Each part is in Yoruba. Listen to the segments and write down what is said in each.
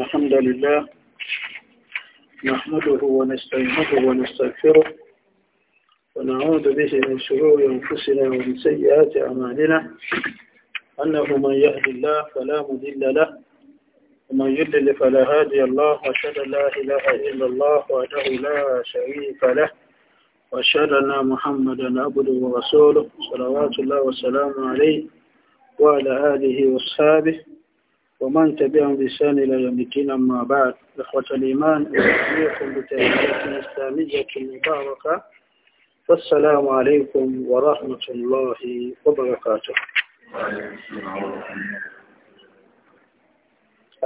الحمد لله نحمده ونستعينه ونستغفره ونعوذ به من شرور أنفسنا ومن سيئات أعمالنا أنه من يهد الله فلا مضل له ومن يضلل فلا هادي الله وأشهد أن لا إله إلا الله وحده لا شريك له وأشهد أن محمدا عبده ورسوله صلوات الله وسلامه عليه وعلى آله وأصحابه ومن تبعهم بإحسان إلى يوم الدين أما بعد إخوة الإيمان أحييكم بتحية إسلامية مباركة والسلام عليكم ورحمة الله وبركاته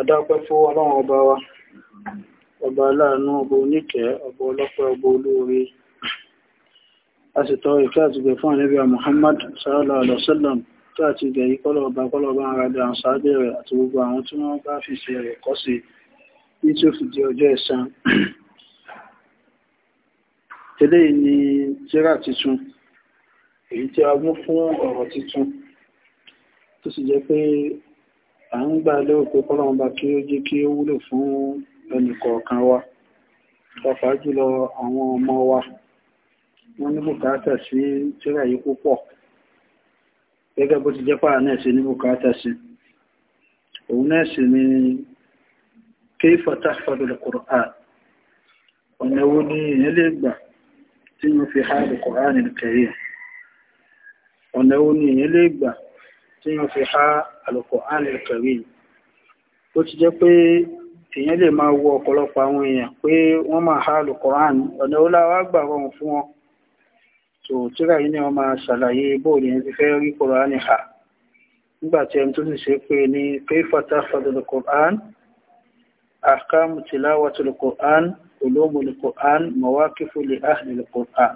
adápẹ́ fún ọlọ́run ọba wa ọba aláàánú ọba oníkẹ́ ọba ọlọ́pẹ́ ọba olóore a sì tọ́ ìfẹ́ àtìgbẹ̀ fún ànábì Muhammad sallallahu alaihi wasallam tó àti ìbẹ̀yí kọ́lọ̀ọ̀bá kọ́lọ̀ọ̀bá ara dá àwọn sáábẹ̀ rẹ̀ àti gbogbo àwọn tí wọ́n bá fi ṣe rẹ̀ kọ́ sí ní tí ó fi di ọjọ́ ẹ̀san eléyìí ni tírà tuntun èyí tí a mú fún ọ̀rọ̀ tuntun tó sì jẹ́ pé à ń gbà lérò pé kọ́lọ̀ọ̀bá kí ó jẹ́ kí ó wúlò fún ẹnìkọ̀ọ̀kan wa pàápàá jùlọ àwọn ọmọ wa wọ́n ní bùkátà sí tírà yìí púpọ̀ gẹ́gẹ́ bó ti jẹ́pà náà sí ní bukata sí òun náà sì ni kéfà tàfàdùlẹ̀ kùrán ọ̀nà wo ni èyàn lè gbà tí yóò fi ha lè kùrán ní kẹrì ọ̀nà wo ni èyàn lè gbà tí yóò fi ha alùkùrán ní kẹrì tó tíra yìí ni wọ́n máa ṣàlàyé bóòlù yẹn ti fẹ́ rí kùránì ha nígbà tí ẹni tó sì ṣe pé ní kéfàtà fàdùlù kùrán àkàmù tìláwàtùlù kùrán olóòmùlù kùrán mọ̀wákìfùlì àhìlì kùrán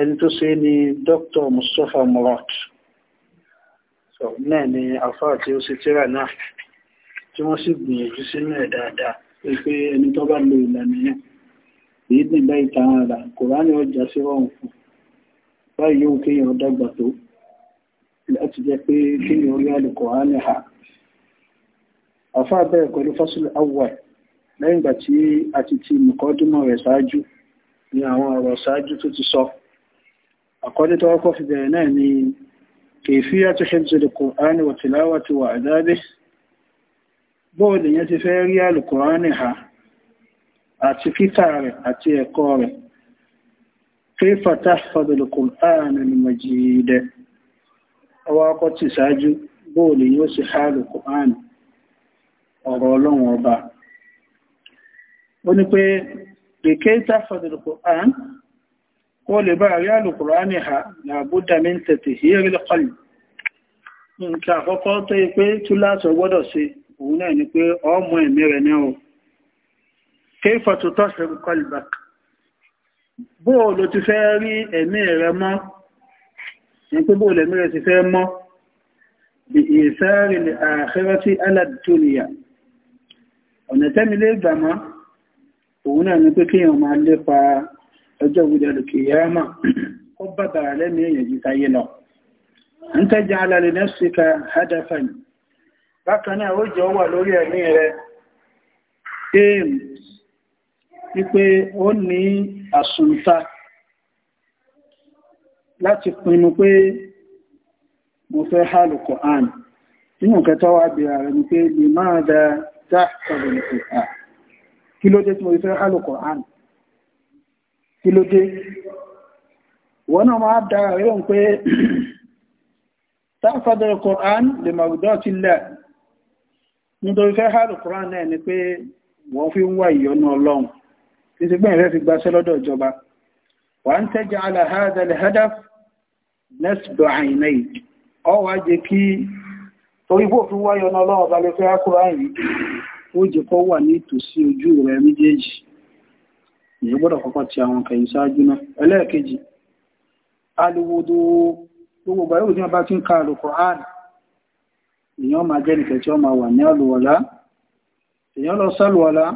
ẹni tó ṣe ni dr mustapha murat so náà ni àfá tí ó ṣe tíra náà tí wọ́n sì gbìyànjú sínú ẹ̀ dáadáa pé ẹni tó bá lo ìlànà yẹn ìdí ìgbà ìtààrà kòránì ọjà sí rọrùn fún báyìí yóò kéèyàn dàgbà tó láti jẹ́ pé kéèyàn orí alùkòránì ha àfáà bẹ̀rẹ̀ pẹ̀lú fásitì awwal lẹ́yìn ìgbà tí a ti ti mùkọ́dúnmọ̀ rẹ̀ ṣáájú ni àwọn ọ̀rọ̀ ṣáájú tó ti sọ àkọ́dé tó wọ́pọ̀ fi bẹ̀rẹ̀ náà ni kayfiyatu hifzi alùkòránì wa tilawati wa adabih bóòlù yẹn ti fẹ́ rí alùkòránì ha àti kíkà rẹ̀ àti ẹ̀kọ́ rẹ̀ kéfà táfàdùlù kùránì màjídẹ̀ ọwọ́ akọ́ ti ṣáájú bóòlì yóò sì hálù kùránì ọ̀rọ̀ ọlọ́run ọba ó ní pé lèké táfàdùlù kùránì kó lè bá rí alùkùránì ha làbúdà mi ń tẹ̀tẹ̀ hírí lọ́kọlù nǹkan àkọ́kọ́ kayfa tutahhiru qalbak bóò ló ti fẹ́ rí ẹ̀mí rẹ mọ́ ní pé bóò lẹ̀mí rẹ ti fẹ́ mọ́ bí ìsáàrí al-akhirati ala ad-dunya ọ̀nà tẹ́mi lè gbà mọ́ òun náà ni pé kíyàn máa lépa ọjọ́ ìwúdẹ̀ lókè yáàmà ó bàbà lẹ́mí èèyàn jí táyé lọ ń tẹ́jà alàlẹ̀ nẹ́sìkà hadafan bákan náà ó jọ wà lórí ẹ̀mí rẹ wípé ó ní àsùntà láti pinnu pé mo fẹ́ hálù Kùránì nínú kẹta wà bèèrè rẹ̀ ni pé lè máa da dáàkọ̀rọ̀ ìpòkà kí ló dé tí mo fẹ́ hálù Kùránì kí ló dé wọ́n náà máa dára rẹ̀ wọ́n pé dáàkọ̀rọ̀ Kùránì lè màrùdọ́ ti lẹ̀ nítorí fẹ́ hálù Kùránì náà pé wọ́n fi ń wá ìyọ́nú Ọlọ́run títí pé ìrẹ́ fi gbaṣẹ́ lọ́dọ̀ ìjọba wà ń tẹ́jà aláhádàlẹ̀ hadaf nesbo àìnáì ọwà jẹ́ kí torí jẹ́ kọ́ wà ní ìtòsí ti náà ẹlẹ́ẹ̀kejì aliwodo máa jẹ́ tí ọ máa wà ní àlùwọ̀lá lọ sálùwọ̀lá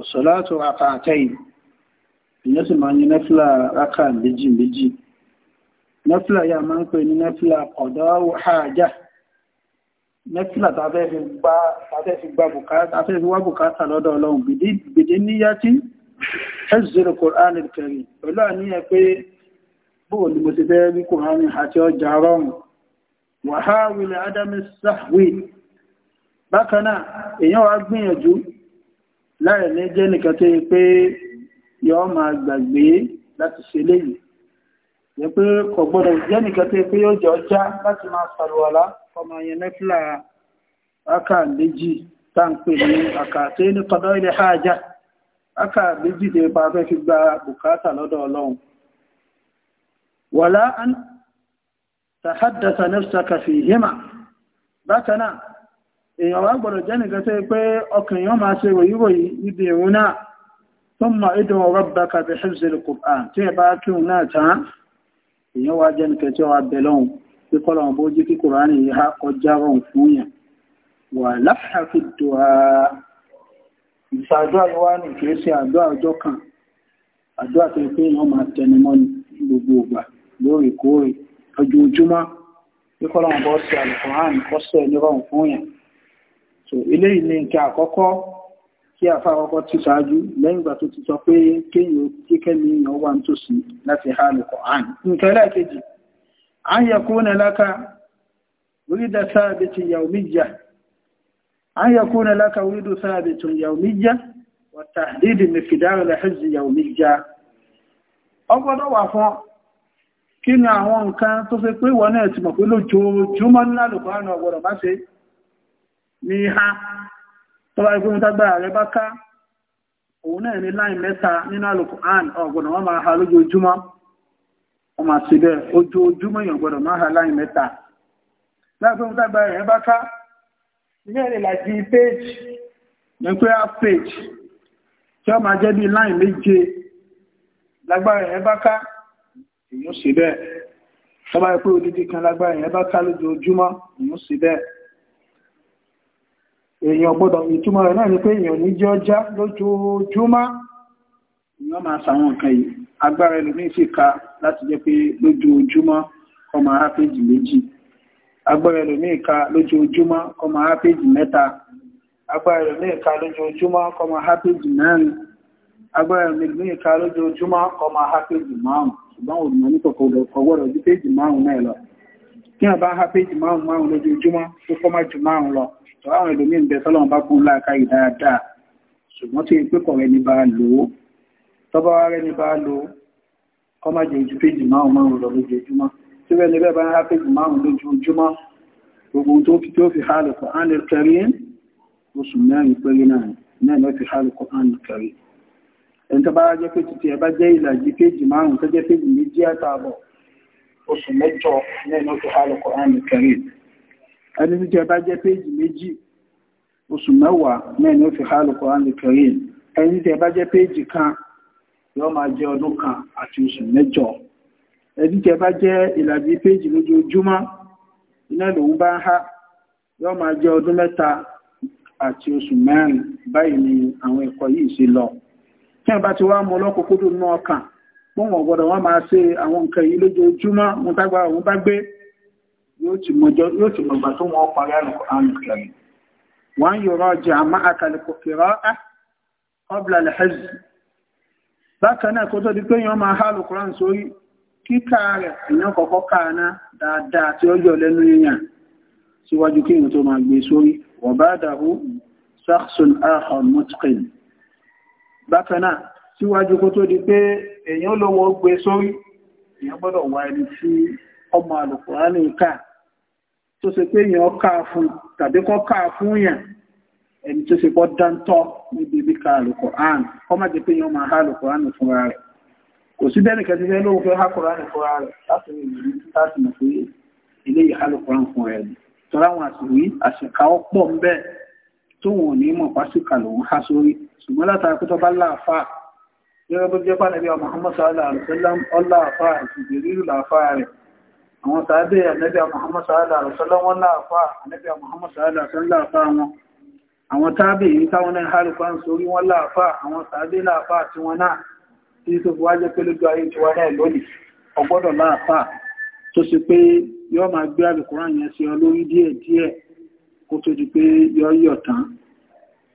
ọ̀sọ̀láàtò àkàtẹ́yìn ìyẹn sì máa ń yí nẹ́fìlà rákà méjì méjì nẹ́fìlà yà máa ń pè ní nẹ́fìlà ọ̀dọ́ àjà nẹ́fìlà tàbẹ́ fi wá bùkátà lọ́dọ̀ ọlọ́run gbèdé níyá tí ẹ̀zùrù kòránì kẹrì pẹ̀lú àníyàn pé bóò ni mo ti fẹ́ rí kòránì àti ọjà rọrùn wàháwìlẹ̀ adámi sáwì bákanáà èèyàn wá gbìyànjú láì ní jẹ́ nìkan tó yẹ pé yọ máa gbàgbé láti ṣe léyìí yẹ pé kò gbọ́dọ̀ jẹ́ nìkan tó yẹ pé yóò jẹ́ ọjá láti máa sàlùwàlá ọmọ yẹn aka méjì tá ń pè ní aka tó yẹ ní kọ́dọ̀ ilé hájà aka méjì tó yẹ pa fẹ́ fi gba bùkátà lọ́dọ̀ ọlọ́run wàlá an tàhádàtà nafsaka fìhímà bákan náà èèyàn wá gbọ́dọ̀ jẹ́ nìkan tó pé ọkàn èèyàn máa ṣe ròyíròyí níbi ìrun náà tó mọ ìdùn ọ̀rọ̀ bá kàbí ṣẹ́bùsẹ̀ lè kùpà tí ẹ bá kírun náà tán èèyàn wá jẹ́ nìkan tí wàá bẹ̀ lọ́hùn pé kọ́ lọ́hùn bó jí kí kùránì yìí há kọjá rọrùn fún yàn wà láfàáfi dùá ìṣàdúrà so eléyìí ni nǹkan àkọ́kọ́ kí afa àkọ́kọ́ ti ṣáájú lẹ́yìn ìgbà tó ti sọ pé kéèyàn kíkẹ́mi èèyàn wà nítòsí láti ha lùkọ̀ àn nǹkan ẹlẹ́ẹ̀kejì à ń yẹ kúrò láka orídà sáàbì ti yà omi jà à ń yẹ kúrò láka orídà sáàbì tó yà omi dídì mẹ́fìdára lẹ́hẹ́sì yà ọgbọ́dọ̀ wà fún kí ni àwọn nǹkan tó fẹ́ pé wọn náà ti mọ̀ pé lójoojúmọ́ ńlá lùkọ̀ àn ọgbọ́dọ̀ má ṣe ní ha tọ́bá ìgbóhun tágbàrà rẹ bá ká òun náà ní láì mẹ́ta nínú Al-Qur'an ọ̀gbọ̀nà wọ́n máa ha lójoojúmọ́ wọ́n máa ṣe bẹ́ẹ̀ ojoojúmọ́ èèyàn gbọ́dọ̀ ha láì mẹ́ta láìpéhun tágbàrà bá ká ilé rẹ̀ láti page èèyàn gbọ́dọ̀ ìtumọ̀ rẹ̀ náà ni pé èèyàn ní jẹ́ ọjá lójoojúmọ́ èèyàn máa sàwọn nǹkan yìí agbára ẹlòmíín sì ka láti jẹ́ pé lójoojúmọ́ ọmọ ará péjì méjì agbára ẹlòmíín ka lójoojúmọ́ ọmọ ará péjì mẹ́ta agbára ẹlòmíín ka lójoojúmọ́ ọmọ ará péjì mẹ́rin agbára ẹlòmíín ka lójoojúmọ́ ọmọ ará péjì márùn ṣùgbọ́n òdùnmọ́ ní kòkòrò ọgbọ́dọ̀ ju péjì márùn náà lọ kí wọ́n bá há márùn márùn lójoojúmọ́ tó kọ́ má ju márùn lọ àwọn ẹlòmíín bẹ tọ́lọ́run bá kún láàká yìí dáadáa ṣùgbọ́n tí pé kọ̀ rẹ ní bá lò ó tọ́ba wa rẹ ní bá lò ó kọ́ má jẹ ojú péjì márùn márùn lọ lójoojúmọ́ tí rẹ ní bẹ́ẹ̀ bá ń há péjì márùn lójoojúmọ́ gbogbo ohun tó fi tó fi hálẹ̀ kọ́ án lè kẹrí oṣù mẹ́rin péré náà náà lọ́ fi hálẹ̀ kọ́ án lè kẹrí ẹni tó bá jẹ́ pé títí ẹ bá jẹ́ ìlàjì péjì márùn tó jẹ́ péjì méjì àtààbọ̀ oṣù mẹ́jọ náà lọ́ fi hálẹ̀ kọ́ án lè kẹrí ẹni tí jẹ bá jẹ péjì méjì oṣù mẹ́wàá mẹ́rin ó fi há Al-Qur'an Al-Karim ẹni tí ẹ bá jẹ péjì kan yóò máa jẹ ọdún kan àti oṣù mẹ́jọ ẹni tí ẹ bá jẹ ìlàjì péjì lójoojúmọ́ iná lòun bá ń há yóò máa jẹ ọdún mẹ́ta àti oṣù mẹ́rin báyìí ni àwọn ẹ̀kọ́ yìí ṣe lọ tí ẹ bá ti wá mú ọlọ́kùnkúndùn náà kàn pọ́n wọ́n gbọ́dọ̀ wọ́n máa ṣe àwọn nǹkan yìí lójoojúmọ́ mo tágbára òun bá gbé yóò ti mọ̀gbà tó wọ́n parí alùkùránù kẹrin wọ́n yọ̀rọ̀ jẹ́ àmá àkàlùkùrọ̀ ọ́bla lẹ́hẹ́zì bákan náà kó tó di pé yọ́n máa há alùkùránù sórí kíkà rẹ̀ èèyàn kọ̀kọ́ káàná dáadáa tí ó yọ lẹ́nu èèyàn síwájú kí èèyàn tó máa gbé sórí wọ̀bádàhú saxon ahon mutkin bákan náà síwájú kó tó di pé èèyàn lówó gbé sórí èèyàn gbọ́dọ̀ wá ẹni tí ọmọ alùkùránù ká tó ṣe pé èèyàn káà fún tàbí kọ́ káà fún yàn ẹni tó ṣe kọ́ dáńtọ́ níbi ibi ka alukoran kọ́ má jẹ́ pé èèyàn máa há alukoran fúnra rẹ̀ kò sí bẹ́ẹ̀ nìkan ti fẹ́ lóun fẹ́ há alukoran fúnra rẹ̀ láti rí ìlú láti mọ̀ pé eléyìí há alukoran fúnra rẹ̀ tọ́lá àwọn àṣìwí àṣìkáwọ́ pọ̀ ń bẹ́ẹ̀ tó wọn ní mọ̀ pásíkà lòun há sórí ṣùgbọ́n látara pé tó bá láàfà gẹ́gẹ́ bó jẹ́ pàdé bí ọmọ Muhammad sallallahu alaihi wasallam ọlá àfà àti ìgbèríru làfà rẹ̀ àwọn sàábé ànẹ́bí Muhammad sallallahu alaihi wasallam wọn láàfá ànẹ́bí Muhammad sallallahu alaihi wasallam láàfá wọn àwọn tábì yìí táwọn náà hálùfá ń sorí wọn láàfá àwọn sàábé láàfá tí wọn náà tí tó fi wájẹ́ pé lójú ayé tí wọn náà lónìí ọgbọ́dọ̀ láàfá tó sì pé yóò máa gbé àlùkùrán yẹn sí ọ lórí díẹ̀ díẹ̀ kó tó di pé yọ yọ̀ tán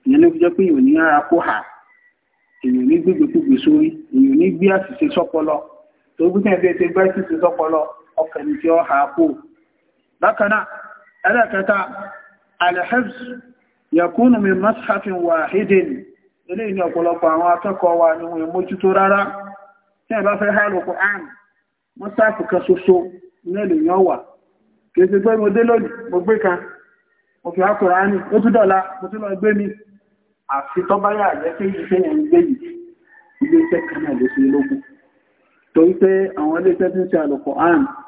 ìyẹn ló fi jẹ́ pé ìwòní ara kó hà èèyàn ní gbégbé kúgbé sórí èèyàn ní gbé àṣìṣe sọ́pọlọ tó gbé ọkàn tí ó ha kú bákaná ẹlẹ́kẹta alhebs yakunu min mashafin wahidin ilé ní ọ̀pọ̀lọpọ̀ àwọn akẹ́kọ̀ọ́ wa ni wọ́n mójútó rárá tí ẹ bá fẹ́ hálò Qur'an mọ́sáàfù kan ṣoṣo nílùú yàn wà kìí ṣe pé mo dé lónìí mo gbé kan mo fi ákùnrán ní ó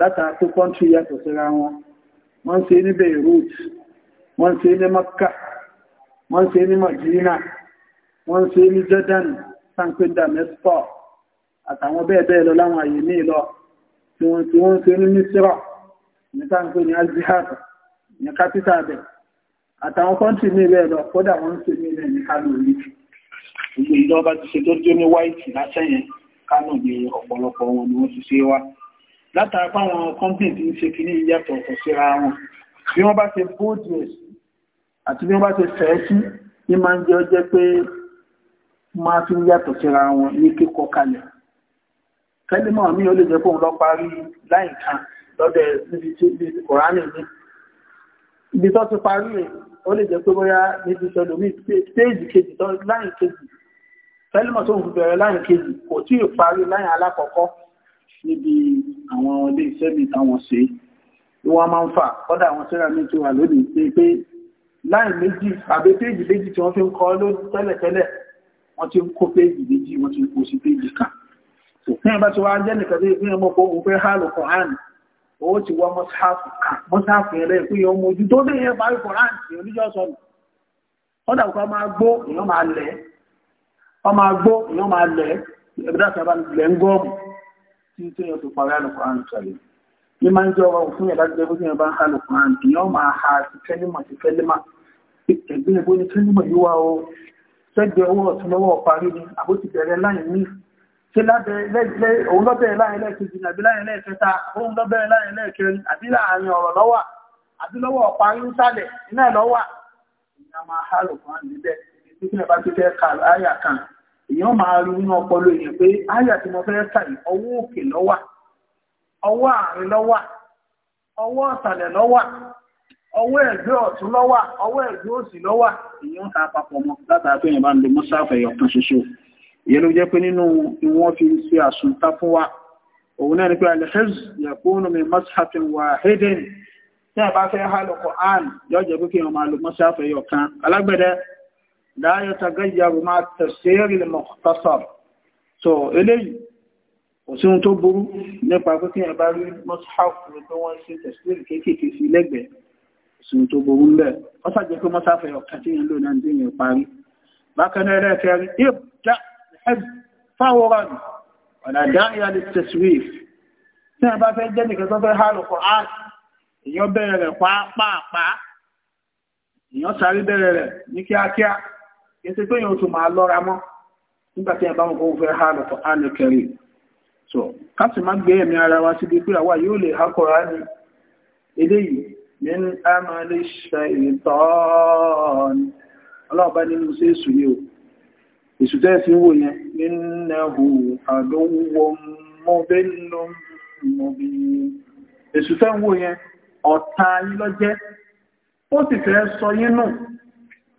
látara pé kọ́ntì yàtọ̀ síra wọn wọ́n ṣe ní Beirut wọ́n ṣe ní Makka wọ́n ṣe ní Madina wọ́n ṣe ní Jordan sanpe Damasco àtàwọn bẹ́ẹ̀ bẹ́ẹ̀ lọ láwọn àyè ní ìlọ tí wọ́n tí wọ́n ṣe ní Misra ní sanpe ní Azihar ní kápítà bẹ̀ àtàwọn kọ́ntì ní ilẹ̀ lọ kódà wọ́n ṣe ní ilẹ̀ ní Kánò rí gbogbo ìjọba ti ṣe tó jó ní wáìtì lásẹ̀yìn Kánò ní ọ̀pọ̀lọpọ̀ wọn ni wọ́n ti ṣe wá látara páwọn company tí ń ṣe kìíní yàtọ̀ ọ̀tọ̀ síra wọn bí wọ́n bá ṣe boldness àti bí wọ́n bá ṣe fẹ́ sí ní máa ń jẹ́ ọjẹ́ pé máa fi yàtọ̀ síra wọn ní kíkọ kalẹ̀ kẹ́límọ̀ mi ò lè jẹ́ fóun lọ parí láìka lọ́dẹ̀ níbi tí kòránì ní ibi tó ti parí rẹ̀ ó lè jẹ́ pé bóyá níbi sọlọ́mí péèjì kejì láìn kejì kẹ́límọ̀ tó ń bẹ̀rẹ̀ láìn kejì kò tí ì parí láìn alákọ̀ọ́kọ́ níbi àwọn ilé iṣẹ́ bíi táwọn ṣe ló wá máa ń fà kọ́dà àwọn sẹ́ra mi tó wà lónìí pé pé láì méjì àbí péjì méjì tí wọ́n fi ń kọ́ lónìí tẹ́lẹ̀tẹ́lẹ̀ wọ́n ti ń kó péjì méjì wọ́n ti ń kó sí péjì kan ní ẹ̀bá tí wá jẹ́ nìkan tí ìpínlẹ̀ mọ́kọ̀ òfin hálù kọ̀hán owó ti wá mọ́sáàfù ẹ̀rẹ́ ìpínlẹ̀ ọmọ ojú tó ní ẹ̀bá ìkọ̀hán tí oníjọ́ sọ́nù ọdá kọ́ máa gbó èèyàn máa lẹ̀ ẹ̀bá tí a bá lẹ̀ ń tí tí yóò fi parí alùpùrán kẹrì ní máa ń jẹ́ ọwọ́ fún ẹ̀dá jẹ́ bó yẹn bá ń ha alùpùrán ìyẹn máa ha ti kẹ́límà ti kẹ́límà ẹ̀gbẹ́ ìbò ní kẹ́límà yìí wá o sẹ́gbẹ̀ẹ́ ọwọ́ ọ̀tún lọ́wọ́ parí ni àbó ti bẹ̀rẹ̀ láì ní ṣe lábẹ́ òun lọ́bẹ̀rẹ̀ láì lẹ́ẹ̀kejì àbí láì lẹ́ẹ̀kẹta òun lọ́bẹ̀rẹ̀ láì lẹ́ẹ̀kẹrin àbí láàárín ọ̀rọ̀ lọ́wà àbí lọ́wọ́ parí ń sálẹ̀ iná lọ́wà ìyẹn máa ha alùpùrán níbẹ̀ títí ẹ̀ bá ti fẹ́ kà láyà kan èèyàn máa rí nínú ọpọlọ èèyàn pé àyà tí mo fẹ́ kà yìí ọwọ́ òkè lọ́wà ọwọ́ àárín lọ́wà ọwọ́ ọ̀tàlẹ̀ lọ́wà ọwọ́ ẹ̀gbẹ́ ọ̀tún lọ́wà ọwọ́ ẹ̀gbẹ́ òsì lọ́wà èèyàn ta papọ̀ mọ́ látara pé èèyàn bá ń lo mọ́sáfẹ́ ẹ̀yọ̀ kan ṣoṣo ìyẹn ló jẹ́ pé nínú ìwọ́n fi ṣe àsùntá fún wa òun náà ni pé alẹ́fẹ́z yẹ̀kúnnù mi mọ́sáfin wà hédèn tí a bá fẹ́ hálùkọ̀ àn yọ́jẹ̀ pé kí wọ́n máa lo mọ́sáfẹ́ ẹ̀yọ̀ kan لا يتغير مع التفسير المختصر so eléyìí kò sí ohun tó burú nípa pé kí ẹ bá rí mọ́sáàfù pé wọ́n ṣe tẹ̀sílẹ̀ kéékèèké sí lẹ́gbẹ̀ẹ́ kò sí ohun tó burú ń bẹ̀ ó ṣàjẹ́ pé mọ́sáàfẹ́ ọ̀kan tí yẹn lò náà ní ìyẹn parí bákan náà ẹlẹ́ẹ̀kẹrin ìbùdá fáwọ́rán ọ̀nà dáhìá lè tẹ̀síwìf tí ẹ bá fẹ́ jẹ́ nìkan tó fẹ́ há lọ́kọ̀ á èèyàn bẹ̀rẹ̀ rẹ̀ pàápàá èèyàn sáré bẹ̀rẹ̀ rẹ̀ ní kíákíá èsì pé yóò tún máa lọ́ra mọ́ nígbà tí ẹ̀bá ọkọ̀ òfin ha lọ́tọ̀ á ní kẹrì so káàsì má gbé ẹ̀mí ara wa síbi pé àwa yóò lè ha kọ̀ọ̀rá ni eléyìí ní àmà lè ṣe ìtọ́ọ̀n ọlọ́ọ̀bá nínú sí èsù ni o èsù tẹ́ sí wò yẹn nínú ẹ̀hù àdówó mọ́bẹ́lú mọ́bí èsù tẹ́ ń wò yẹn ọ̀tá yín lọ́jẹ́ ó sì fẹ́ sọ yín náà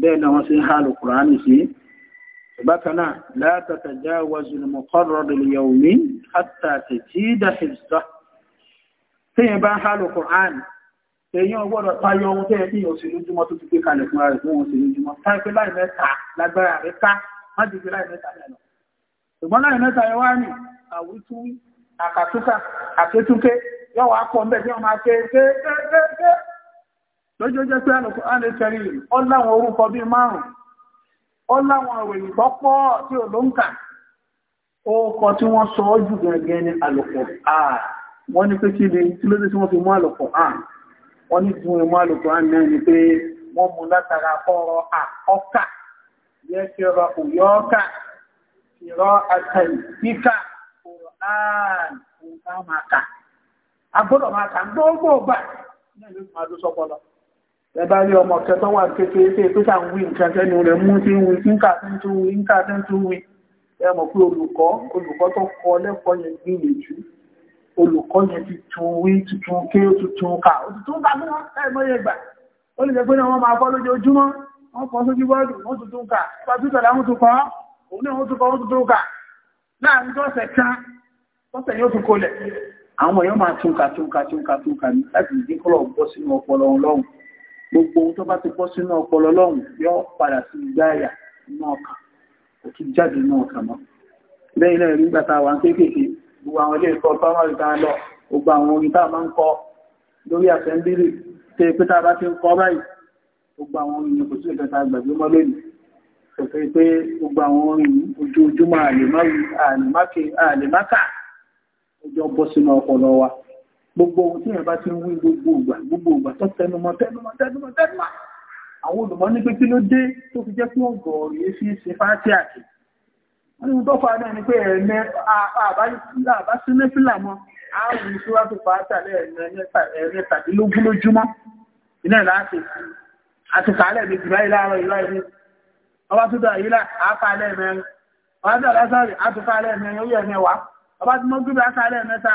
bẹ́ẹ̀ náà wọ́n ṣe ń hàlù kùránì sí bákan náà látàtà já wazul muqarraril yawmi hatta tajida hifzah téèyàn bá ń hàlù kùránì èyàn gbọ́dọ̀ tayọ ohun tẹ́ ẹbí òsìn lójúmọ́ tó ti gbé kalẹ̀ fún ààrẹ fún òsìn lójúmọ́ táìpé láì mẹ́ta lágbára rẹ̀ ká má jù láì mẹ́ta lẹ́nu ṣùgbọ́n láì mẹ́ta yọ wá ní àwítú àkàtúkà àkétúké yọ wá pọ̀ mbẹ́ tí wọ́n máa ṣe ṣe ṣe ṣe lọ́jọ́ jẹ́ pé àlùkò á lè tẹ̀rí ọ láwọn orúkọ bíi márùn-ún ọ láwọn ìròyìn tó pọ̀ tí ò ló ń kà ó kọ tí wọ́n sọ ọ́ jù gẹ́gẹ́ ní àlùkò àà wọ́n ní pé kí ni kí ló dé tí wọ́n fi mú àlùkò àà wọ́n ní fún ìmú àlùkò àà náà ni pé wọ́n mú látara kọ́rọ̀ àkọ́kà yẹ kí ọrọ̀ òyọ́ọ̀kà ìrọ̀ àtẹ̀yìn kíkà ọ̀rọ̀ àà nǹkan máa máa kà gbogbo gbà ní ìlú ìmọ̀ àdúsọ́pọ̀lọ́ ẹbá rí ọmọ kẹta wà kékeré tí èpé sàn wí nǹkan tẹ́nu rẹ̀ mú sí wí nǹkan tó tún wí nǹkan tó tún wí ẹ pé olùkọ́ olùkọ́ tó kọ lẹ́kọ̀ọ́ yẹn gbìyànjú olùkọ́ yẹn ti tún wí tuntun ké tuntun ká tuntun ká bí ẹ mọ́ yẹ gbà ó lè jẹ́ pé wọ́n máa kọ́ lójoojúmọ́ wọ́n kọ́ sójú bọ́ọ̀dù wọ́n tuntun ká pàtúntọ̀ làwọn tún kọ́ òun náà wọ́n tún kọ́ wọ́n tuntun ká láàrin tọ́sẹ̀ kan tọ́sẹ̀ yóò tún kọlẹ̀ àwọn èèyàn máa túnka túnka túnka túnka ní láti dínkọ́lọ̀ bọ́ sínú ọpọlọ ọlọ́run gbogbo ohun tó bá ti bọ́ sínú ọpọlọ lọ́hùn yóò padà sí gbáyà inú ọkàn kò tún jáde inú ọkàn mọ́ lẹ́yìn náà rí gbà tá a wà ń kéékèèké gbogbo àwọn ilé ẹ̀kọ́ primary tá a lọ gbogbo àwọn orin tá a máa ń kọ lórí assembly tẹ pé tá a bá ti ń kọ báyìí gbogbo àwọn orin yẹn kò sí ìjọta gbàgbé mọ́ lónìí kò fẹ́ pé gbogbo àwọn orin ojoojúmọ́ àlèmáka ọjọ́ bọ́ sínú ọpọlọ wa gbogbo ohun tí yẹn bá ti ń wí gbogbo ìgbà gbogbo ìgbà tó tẹnumọ́ tẹnumọ́ tẹnumọ́ tẹnumọ́ àwọn olùmọ̀ ní pé kí ló dé tó fi jẹ́ kí wọ́n gọ̀ọ̀rì yé sí ṣe fáti àti wọ́n ní tó fa náà ni pé ẹ̀ẹ̀mẹ́ àbá sí nẹ́fìlà mọ́ àrùn ìṣúra tó fa àtàlẹ́ ẹ̀ẹ̀mẹ́ tàdínlógún lójúmọ́ iná láti àti kàálẹ̀ méjì báyìí láàárọ̀ ìlú àìní ọba tó dà yìí àkàálẹ̀ mẹ́rin ọba tó dà lásàrì àtúkàálẹ̀ mẹ́rin ó yẹ mẹ́wàá ọba tó mọ́ gbígbà àkàálẹ̀ mẹ́ta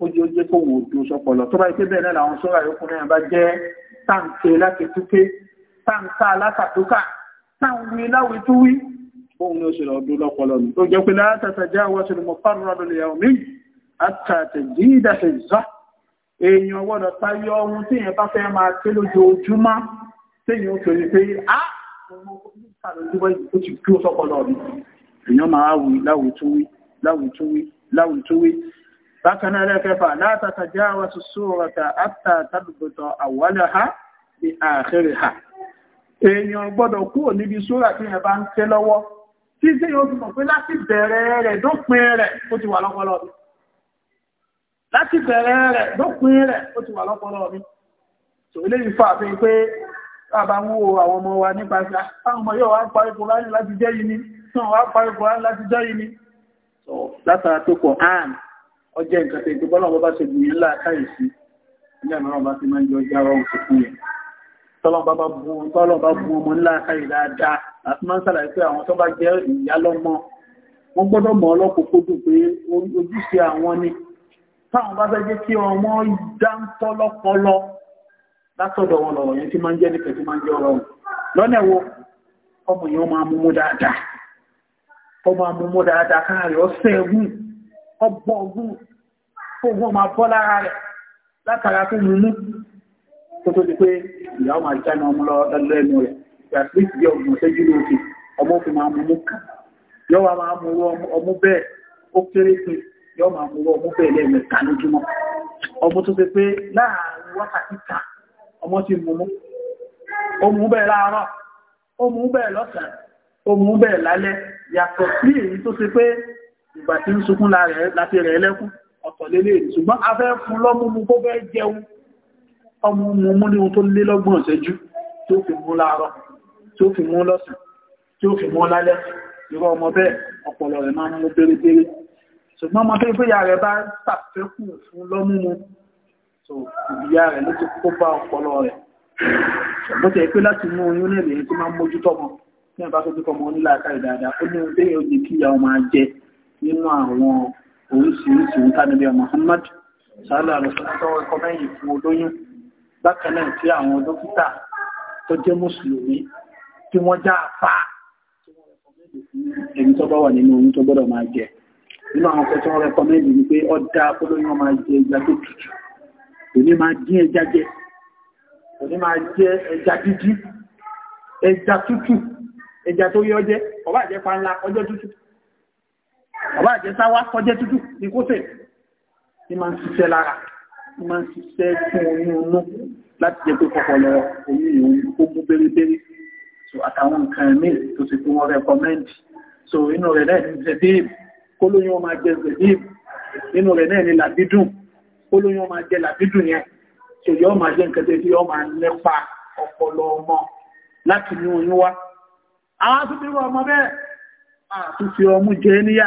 ó jẹ́ ó jẹ́ kó wò ó sọpọlọ tó bá yẹ pé bẹ́ẹ̀ náà làwọn sọ́ra yòókù náà bá jẹ́ táǹkì láti túké táǹkà látàtúkà táwọn wí láwí tó wí òun ni ó ṣe lọ́dún lọ́pọlọ nù tó jẹ́ pé látàtà jẹ́ àwọn ṣe lè mọ̀ fárúra lórí ẹ̀hùn mí àtàtà jí ìdàṣẹ̀ zá èèyàn gbọ́dọ̀ tayọ ohun tí èèyàn bá fẹ́ máa ké lójoojúmọ́ téèyàn ó torí pé á èèyàn máa wí láwí tó wí láwí tó wí láwí tó wí bákan ẹlẹ́kẹfà látàtàjáwàsù sóòrọ̀tà àtàtàdùbùtọ̀ àwọ́lẹ́ha bí ààrẹ ha èèyàn gbọ́dọ̀ kúrò níbi sóòrà tí ẹ bá ń tẹ́ lọ́wọ́ tí tí yóò fi mọ̀ pé láti bẹ̀rẹ̀ rẹ̀ dópin rẹ̀ ó ti wà lọ́pọlọ mi láti bẹ̀rẹ̀ rẹ̀ dópin rẹ̀ ó ti wà lọ́pọlọ mi tò eléyìí fà fi pé bàbá ń wo àwọn ọmọ wa nípasẹ̀ ah, àwọn ọmọ yóò wá parí kòránì láti jẹ́ yìí ni tí wọ́n wá parí kòránì láti jẹ́ yìí ni látara tó kọ̀ áàmì ọjẹ́ nǹkan tó ìgbé bọ́lọ̀ bá ṣe gbìyàn ńlá káyìsí ilé mìíràn bá ti máa ń jọ ọjà ọrọ̀ òkú fún yẹn tọ́lọ́n bá bu tọ́lọ́n bá bu ọmọ ńlá káyì dáadáa àti máa ń sàlàyé pé àwọn tó bá jẹ́ ìyá lọ́mọ wọ́n gbọ́dọ̀ mọ̀ ọlọ́kòókò dùn pé ojúṣe àwọn ni táwọn bá fẹ́ jẹ́ kí ọmọ dáńtọ́ lọ́pọlọ látọ̀dọ̀ wọn lọ̀rọ̀ yẹn tí máa ń jẹ́ nípẹ̀ tí máa ń jẹ́ ọ̀rọ̀ lọ́nà ẹ̀wọ̀ ọmọ yẹn máa mú mú dáadáa ọmọ amúmú dáadáa káàrí ọ̀sẹ̀ ẹ̀gùn ọgbọ́n ogun ogun máa bọ́ lára rẹ̀ látara tó múnú tó tó di pé ìyàwó máa já ní ọmọ lọ́lọ́ ẹnu rẹ̀ ìgbàsílẹ̀ jẹ́ ọgbọ̀n tẹ́jú lókè ọmọ òfin máa mú mú kà yọ́wà máa mú ọmú bẹ́ẹ̀ ó kéré pin yọ́ máa mú ọmú bẹ́ẹ̀ lẹ́ẹ̀mẹ́ta lójúmọ́ ọmọ tó ṣe pé láàárín wákàtí kan ọmọ ti mú mú ó mú bẹ́ẹ̀ láàárọ̀ ó mú bẹ́ẹ̀ lọ́sàn-án bẹ́ẹ̀ lálẹ́ yàtọ̀ sí èyí tó ṣe pé ìgbà tí ń sunkún láti rẹ̀ ẹlẹ́kún ọ̀tọ̀ lélẹ̀ ṣùgbọ́n a fẹ́ fún lọ́múmú kó fẹ́ jẹun ọmọ mú ní ohun tó lé lọ́gbọ̀n ṣẹ́jú tí ó fi mú láàárọ̀ tí ó fi mú lọ́sàn tí ó fi mú lálẹ́ irọ́ ọmọ bẹ́ẹ̀ ọpọlọ rẹ̀ máa ń mú pérépéré ṣùgbọ́n ọmọ tó ìgbéyà rẹ̀ bá tàfẹ́kù fún lọ́múmú nínú àwọn oríṣiríṣi ń tánilẹ̀ Muhammad sallallahu alaihi wasallam tọ́wọ́ ẹ̀kọ́ mẹ́yìn fún olóyún bákan náà tí àwọn dókítà tó jẹ́ mùsùlùmí tí já àfà tí wọ́n rẹ̀kọ́mẹ́dì fún ẹni tó bá wà nínú oyún tó gbọ́dọ̀ máa jẹ nínú àwọn ọkọ̀ tí wọ́n rẹ̀kọ́mẹ́dì ni pé ọ̀dà olóyún máa jẹ ẹja tó tutù òní máa dín ẹja jẹ òní máa dídí ẹja tútù ẹja tó yọ jẹ ọba àjẹpá ńlá ọjọ́ tútù bàbá àjẹsá wá kọjẹ́ tútù ní kó tẹ̀ ní máa ń ṣiṣẹ́ lára ní máa ń ṣiṣẹ́ fún oyún inú láti jẹ́ pé kọkọlọ oyún ìhun ó mú bérébéré so àtàwọn nǹkan ẹ̀mí tó ti fi wọn rẹkọmẹ́ndì so inú rẹ̀ náà ní zebib kó lóyún ọmọ jẹ zebib inú rẹ̀ náà ní làbídùn kó lóyún ọmọ jẹ làbídùn yẹn so yọ ọmọ jẹ nǹkan tẹ́ tí yọ ọmọ nípa ọpọlọ ọmọ láti ní oyún wá àwọn àtúntò ọmọ bẹ́ẹ̀ àtúntò ọmú jẹ níyà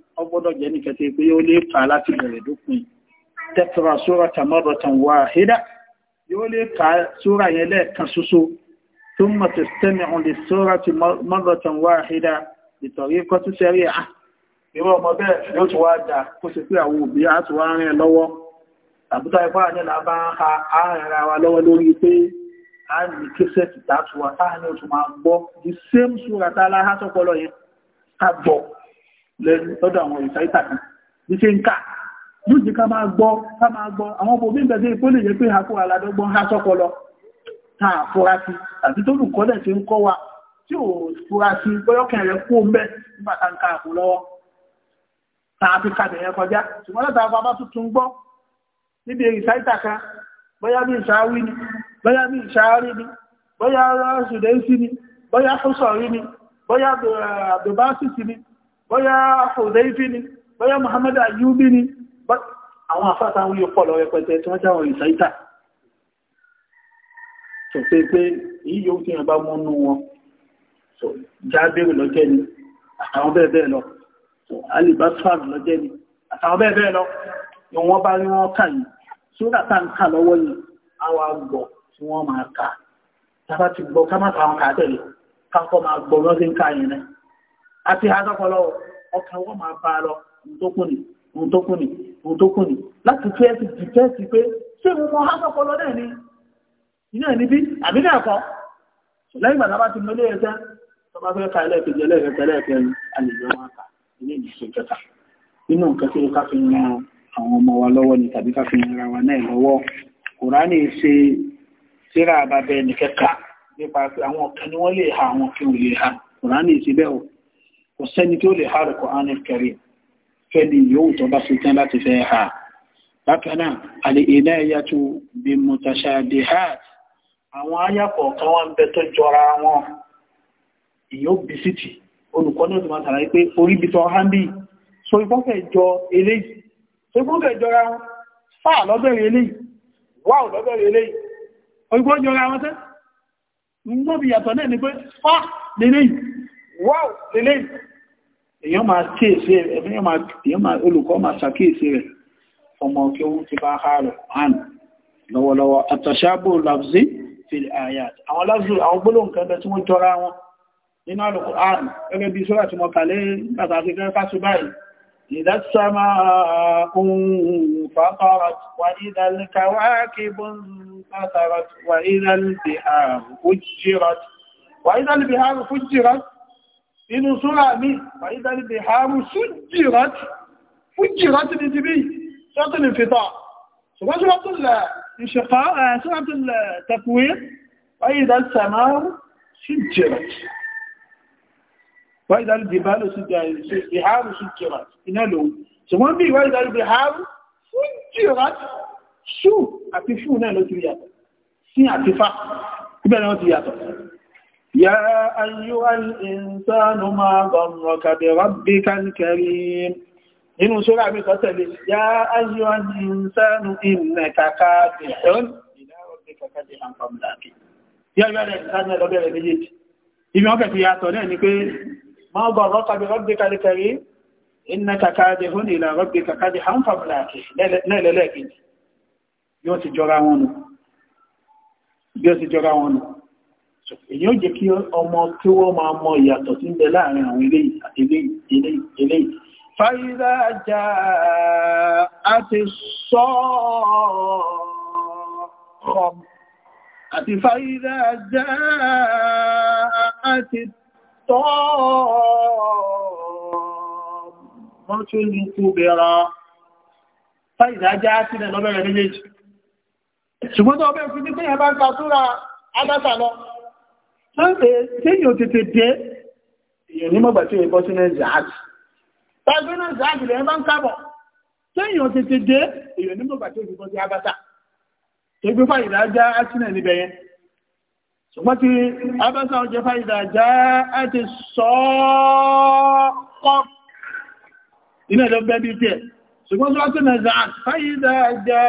ọgbọ́dọ̀ jẹ́ nìkẹ́tẹ́ pé ó lè kà láti bẹ̀rẹ̀ dópin tẹ́tọ́ra sóra tàmọ́rọ̀ tàn wà hídà yóò lè kà sóra yẹn lẹ́ẹ̀kan ṣoṣo tó mọ̀ tó tẹ́mi ọ̀n lè sóra tàmọ́rọ̀ tàn wà hídà ìtọ̀rí kọ́ tó sẹ́rí à irú ọmọ bẹ́ẹ̀ yóò tún wá dà kó sì pé àwọn òbí á tún wá rìn ẹ àbúta ipá ní là bá ń ha àárín ara wa lọ́wọ́ lórí pé a ní késẹ̀tì tààtù wa táà ní o tún máa gbọ́ the same sura tá a lá há sọ́pọ̀lọ́ yẹn ká gbọ́ lọ́dọ̀ àwọn ìsáìtà kan bí ṣe ń kà yóò jẹ́ ká máa gbọ́ ká máa gbọ́ àwọn ọmọ omi bẹ̀rẹ̀ pé lè pé àpò aládọ́gbọ́n há sọ́kọ lọ tá a fura sí àti tó lùkọ́ dẹ̀ ṣe ń kọ́ wa tí ò fura sí bọ́yọ́kẹ́ rẹ̀ kú mbẹ́ nígbà tá ń ka àpò lọ́wọ́ tá a fi kàdé yẹn kọjá ṣùgbọ́n láti àwọn bá tuntun gbọ́ níbi ìsáìtà kan bóyá bí ìsáwí ni bóyá bí ìsáárí ni bóyá rọ́ọ̀sùdẹ́sí ni bóyá fúsọ̀rí ni bóyá àbẹ̀bá sì sí bóyá Hudayfi ni bóyá Muhammad Ayyubi ni àwọn afáta àwọn yóò lọ rẹpẹtẹ tí wọ́n jáwọn ìsáìtà tó pé pé èyí yóò fi hàn bá mọ́nú wọn tó jábẹ̀rẹ̀ lọ́jẹ́ ni àtàwọn bẹ́ẹ̀ bẹ́ẹ̀ lọ tó alibasfam lọ́jẹ́ ni àtàwọn bẹ́ẹ̀ bẹ́ẹ̀ lọ ni wọ́n bá rí wọn kà yìí sódà tá ń kà lọ́wọ́ yìí àwọn àgbọ̀ tí wọ́n máa kà tá bá ti gbọ́ ká má ta àwọn kà tẹ̀lé ká kọ́ máa gbọ́ lọ́sẹ̀ ń kà yìí náà àti àdọ́kọlọ ọkàn wọn máa bá lọ láti fẹ́ ti dìtẹ́ sí pé ṣé mo mọ àdọ́kọlọ náà ni iná ẹni bí àbí náà kọ lẹ́yìn ìgbà tábà ti mọ ilé ẹ̀sẹ̀ tó fẹ́ ka ẹlẹ́ẹ̀kejì ẹlẹ́ẹ̀kẹta ẹlẹ́ẹ̀kẹrin àlejò máa kà ilé ìdìbò kẹta nínú nǹkan tí ọmọ wa lọ́wọ́ ni tàbí ká fi wa náà lọ́wọ́ kùránì ṣe síra nìkẹ́ka ni wọ́n lè ha àwọn ha kùránì ṣe bẹ́ẹ̀ kò sẹ́ni tó lè hàrù Qur'anul Karim fẹ́ni yóò tó bá fi tán láti fẹ́ ha bákaná àlè iná ẹ̀yà tó bí mutashadihat àwọn àyà kọ̀ọ̀kan wá ń bẹ tó jọra wọn ìyó bisítì olùkọ́ ní òtùmọ̀ tàbí pé orí bí tọ́ hàn bí so ìfọ́fẹ́ jọ eléyìí so ìfọ́fẹ́ jọra wọn fáà lọ́bẹ̀rẹ̀ eléyìí wáò lọ́bẹ̀rẹ̀ eléyìí orígbó jọra wọn tẹ́ ń gbọ́bì yàtọ̀ náà ni pé fáà lélẹ́yìí wáò lélẹ́yìí èyàn máa kíèsí rẹ̀ èyàn máa olùkọ́ máa sàkíèsí rẹ̀ ọmọ kí ó ti bá ha rẹ̀ hàn lọ́wọ́lọ́wọ́ àtàṣàbò lafzi fil ayat àwọn lafzi àwọn gbólóhùn kẹta tí wọ́n jọra wọn nínú àlùkù àrùn gẹ́gẹ́ bí sọ́rọ̀ tí mo kàlẹ́ pàtàkì kẹ́ fásitì báyìí inú súra mi fàídàrí bí haaru sújìrátì fújìrátì ní ti bí sọ́tùlù fìtọ̀ ṣùgbọ́n sọ́tùlù ìṣẹ̀kọ́ sọ́tùlù tẹ̀kùwé fàídàrí sàmáwù sújìrátì wáyìdàrí dìbálò ìhàrù sújìrát iná lòun ṣùgbọ́n bí wáyìdàrí ìhàrù sújìrát ṣù àti fún náà ló ti yàtọ̀ sí àti fá ibẹ̀ náà ti yàtọ̀ يا أيها الإنسان ما ضرك بربك الكريم إنه سورة بقتل يا أيها الإنسان إنك كافح إلى ربك كدحا قملاك يا أيها الإنسان لو بير بيجيت إذا ما في يعطونا ما ضرك بربك الكريم إنك كادح إلى ربك كدحا قملاك لا لا لا يوسي جرعون يوسي جرعون èyàn jẹ́ kí ọmọ kí wọ́n máa mọ ìyàtọ̀ tí ń bẹ láàrin àwọn ilé ilé fàyídá jà àti sọ́ọ̀rọ̀ àti fàyídá jà àti tọ́ọ̀rọ̀ tí ó ní kú bẹ̀rọ fàyídá jà àti nẹ̀ méjèèjì ṣùgbọ́n tó ọbẹ̀ fi ní pé ẹ̀bá ń ta súra adásà lọ lọ́pẹ́ tẹ́yìn ò tètè dẹ́ èyàn ní mọ́gbà tí ó bọ́ sínú ẹ̀zàájì tàbí náà ẹ̀zàájì lẹ́yìn bá ń kábọ̀ tẹ́yìn ò tètè dẹ́ èyàn ní mọ́gbà tí ó bọ́ sí abáta tẹ́gbẹ́ fàyìdà já átínà níbẹ̀ yẹn ṣùgbọ́n tí abáta ọjọ́ fàyìdà já áti sọ́ọ́kọ́ iná ẹ̀dọ́ bẹ́ẹ̀ bí tiẹ̀ ṣùgbọ́n tí wọ́n tún ẹ̀zàájì fàyìdà já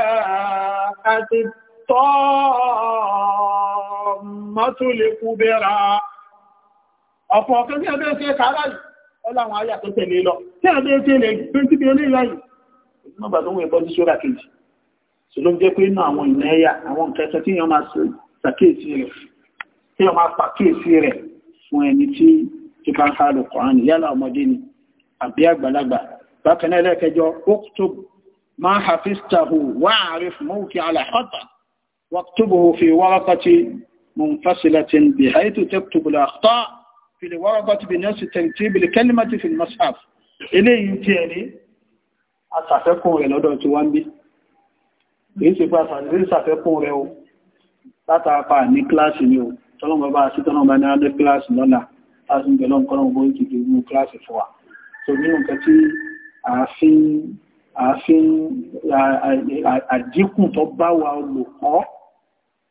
mọ́túlẹ̀kú bẹ́ra ọ̀pọ̀ ọ̀kan tí ẹgbẹ́ ṣe kàárà yìí ọláwọn ayà tó tẹ̀lé lọ tí ẹgbẹ́ ṣe lè gbé tí bí olè yáyìí mọ́bà tó wọ́n ẹ̀kọ́ sí ṣọ́ra kejì ṣe ló jẹ́ pé inú àwọn ìnáyà àwọn kẹta tí yọ máa ṣàkíyèsí rẹ̀ tí yọ máa pàkíyèsí rẹ̀ fún ẹni tí tí bá ń ká lò kọ̀ọ̀rán yálà ọmọdé fi wárakọ́tì منفصلة بحيث تكتب الأخطاء في الورقة بنفس ترتيب الكلمة في المصحف eléyìí tí ẹni asàfẹ́kùn rẹ̀ lọ́dọ̀ tí wọ́n bí èyí sì pé asàfẹ́kùn rẹ̀ o látàpá ní kíláàsì ni o tọ́lọ́mọ bá sí tọ́lọ́mọ ní alẹ́ kíláàsì lọ́la láti ń bẹ̀lọ́n kọ́lọ́mọ bó ti di inú kíláàsì fún so nínú nǹkan tí àfin àdínkù tó bá wa olùkọ́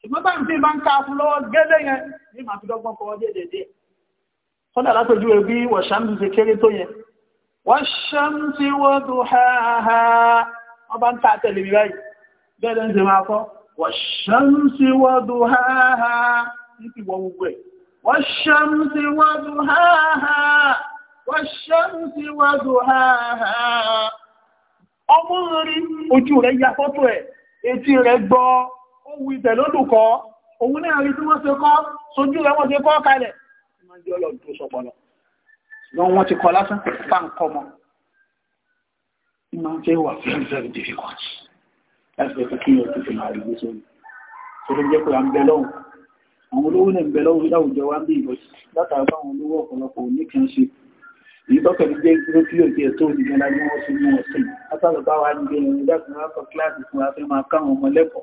ṣùgbọ́n táyì tí bá ń ká fún lọ́wọ́ gẹ́lẹ́ yẹn ní màá fi dọ́gbọ́n kọ́ déédéé dé kọ́dà látọ̀jú rẹ̀ bí wọ̀ṣán ti kéré tó yẹn wọ́ṣán tí wọ́n tó ha ha wọ́n bá ń ta tẹ̀lé mi báyìí gẹ́lẹ́ ń ṣe máa kọ́ wọ̀ṣán tí wọ́n tó ha ha ní ti wọ́n gbogbo ẹ̀ wọ́ṣán tí wọ́n tó ha ha wọ́ṣán tí wọ́n tó ha ha ọmọ rí ojú rẹ̀ ya fọ́tò ẹ̀ etí rẹ̀ gbọ́ ó wù ìtẹ̀ lólùkọ́ òun náà rí bí wọ́n ṣe kọ́ sojú rẹ̀ wọ́n ṣe kọ́ kalẹ̀ wọ́n jẹ́ ọlọ́dún tó sọpọlọ ṣùgbọ́n wọ́n ti kọ́ lásán fáǹkọ́ mọ́ ìmọ̀ jẹ́ wà very very difficult láti ní jẹ́ pé à ń jẹ́ tó nìkan lájú wọn sí ní ọ̀sẹ̀ látara báwa ń gbé ẹni láti kíláàsì fún afẹ́ máa káwọn ọmọ lẹ́kọ̀ọ́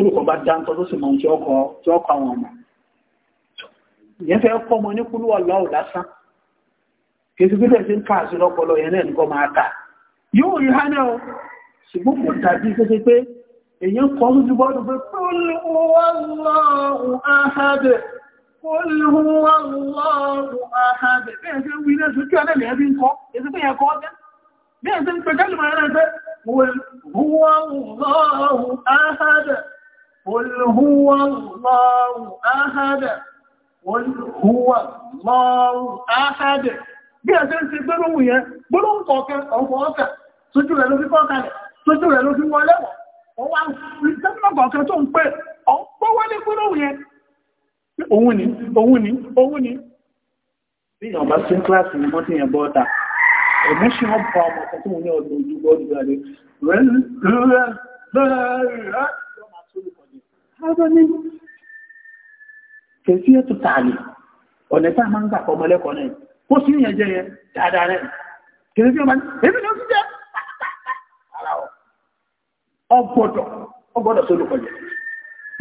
olùkọ́ bá dáńtọ́ tó sì mọ̀ tí ọkọ̀ tí ọkọ̀ àwọn ọmọ yẹn fẹ́ kọ́ mọ ní kúlú ọlọ́ọ̀ lásán kìí bí lẹ́sí ń káàsì lọ́pọ̀lọ́ yẹn náà nìkan máa kà yóò rí hánà ọ ṣùgbọ́n kò tàbí tó pé èyàn kọ́ lójú bọ́ọ̀lù pé qul huwallahu ahad qul قل هو الله أحد قل هو الله أحد bí ẹ̀ṣẹ́ ń ṣe gbẹ́rùn-ún yẹn gbẹ́rùn-ún kọ̀ọ̀kẹ́ ọ̀fọ̀ ọ̀kẹ́ sójú rẹ̀ ló fi kọ́ọ̀kẹ́lẹ̀ sójú rẹ̀ ló fi wọlé wọ̀ wọ́n wá ìtẹ́sìnàkọ̀ọ̀kẹ́ tó ń pè ọ̀pọ̀ wọlé gbẹ́rùn-ún yẹn òun ni òun ni ọjọ́ ní kèsí ètò tààlì ọ̀nà tá máa ń gbà fọmọ lẹ́kọ̀ọ́ náà kó sí ìyẹn jẹ́ yẹn dáadáa rẹ̀ kèsí tí ó máa ní èmi ni ó ti jẹ́ ọgbọ́dọ̀ ọgbọ́dọ̀ sólùkọjẹ́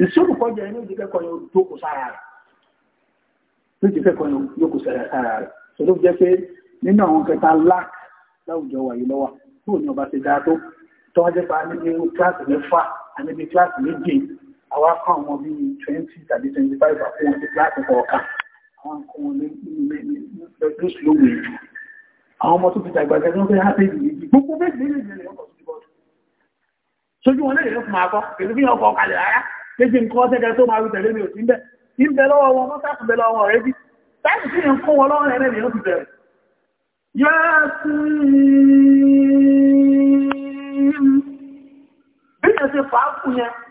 ìsólùkọjẹ́ inú ìdíkẹ́kọ̀ọ́ yóò jókòó sára rẹ̀ ló ti fẹ́ kan yókù sẹ̀rẹ̀ sára rẹ̀ tó ló jẹ́ pé nínú àwọn kẹta lák láwùjọ wà yìí lọ́wọ́ tó ní ọba ti dá tó tó wájẹ́ pa níbi kíláàsì mẹ́fà àníbi kíláàsì méje àwa kan àwọn bíi twenty tàbí twenty five àti wọn ti láti kọ̀ọ̀kan àwọn nǹkan wọn lọ́dún sílòwò èjì àwọn ọmọ tó ti dàgbà gẹ́gẹ́ wọn fẹ́ há péjì méjì gbogbo péjì méjì méjì lẹ́yìn ọkọ̀ tó ti bọ́ọ̀dù sójú wọn lẹ́yìn fún akọ pẹ̀lú bí ọkọ̀ kalẹ̀ rárá péjì nǹkan ọ̀sẹ̀ tó máa rú tẹ̀lé mi ò sí ń bẹ̀ ń bẹ lọ́wọ́ wọn wọ́n sáàkù bẹ lọ́wọ́ wọn rẹ́ bí táìsì sí ń kó wọn lọ́wọ́ rẹ̀ lẹ́yìn ó ti bẹ̀rẹ̀ Yẹ́sìn bí